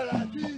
Karate!